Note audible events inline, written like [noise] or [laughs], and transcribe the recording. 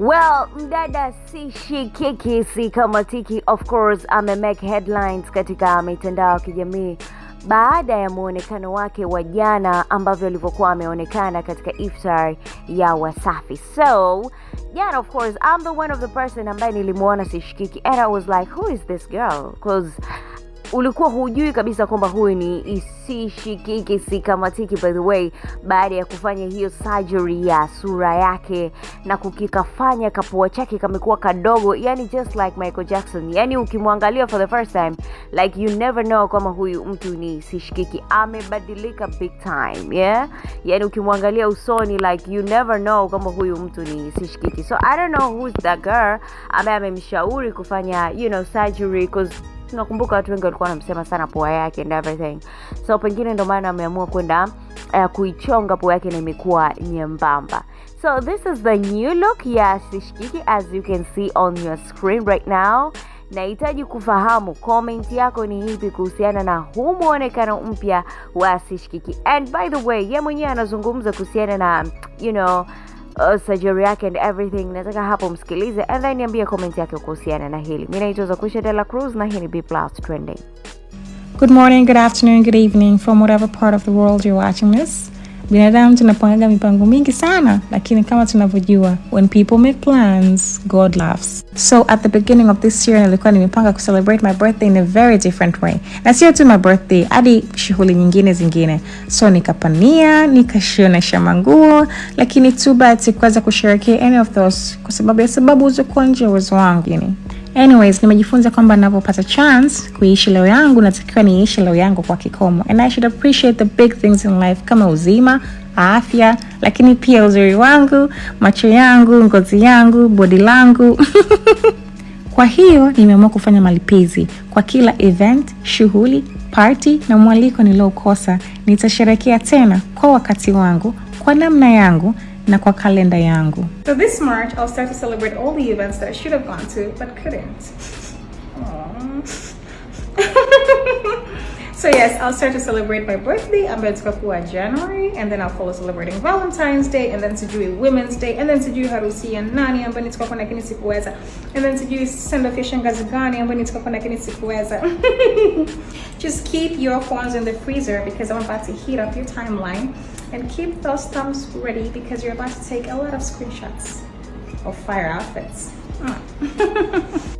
Well, mdada sishikiki shikiki si kamatiki, of course amemake headlines katika mitandao ya kijamii baada ya muonekano wake wa jana ambavyo alivyokuwa ameonekana katika iftar ya Wasafi. So jana, of course I'm the one of the person ambaye nilimuona sishikiki and I was like who is this girl cause ulikuwa hujui kabisa kwamba huyu ni isishikiki sikamatiki, by the way, baada ya kufanya hiyo surgery ya sura yake na kukikafanya kapua chake kamekuwa kadogo, yani just like Michael Jackson. Yani ukimwangalia for the first time like you never know kama huyu mtu ni isishikiki, amebadilika big time yeah? Yani ukimwangalia usoni like you never know kama huyu mtu ni isishikiki. So I don't know who's that girl ambaye amemshauri kufanya you know surgery cause tunakumbuka watu wengi walikuwa wanamsema sana pua yake and everything so pengine ndio maana ameamua kwenda uh, kuichonga pua yake na imekuwa nyembamba so this is the new look ya sishikiki as you can see on your screen right now nahitaji kufahamu comment yako ni hipi kuhusiana na huu mwonekano mpya wa sishikiki and by the way ye mwenyewe anazungumza kuhusiana na you know uh, surgery yake and everything. Nataka hapo msikilize and then niambie comment yake kuhusiana na hili. Mimi naitwa Zakusha Dela Cruz na hii ni B Plus Trending. Good morning, good afternoon, good evening from whatever part of the world you're watching this. Binadamu tunapangaga mipango mingi sana, lakini kama tunavyojua, when people make plans, God laughs. So at the beginning of this year nilikuwa nimepanga kucelebrate my birthday in a very different way, na sio tu my birthday, hadi shughuli nyingine zingine. So nikapania, nikashionesha manguo, lakini too bad sikuweza kusherekea any of those kwa sababu ya sababu uzokuwa nje uwezo wangu. Anyways, nimejifunza kwamba ninapopata chance kuishi leo yangu natakiwa niishi leo yangu kwa kikomo, and I should appreciate the big things in life kama uzima, afya, lakini pia uzuri wangu, macho yangu, ngozi yangu, bodi langu [laughs] Kwa hiyo nimeamua kufanya malipizi kwa kila event, shughuli, party na mwaliko niliokosa. Nitasherekea tena kwa wakati wangu, kwa namna yangu na kwa kalenda yangu. So this March I'll start to celebrate all the events that I should have gone to but couldn't. [laughs] So yes, I'll start to celebrate my birthday, Ambed's Papua January, and then I'll follow celebrating Valentine's Day, and then to a Women's Day, and then sijui harusi ya nani ambayo nitakuwa lakini sikuweza, and then to do fish and gazigani ambayo nitakuwa lakini sikuweza. Just keep your phones in the freezer because I'm about to heat up your timeline, and keep those thumbs ready because you're about to take a lot of screenshots of fire outfits. Mm. [laughs]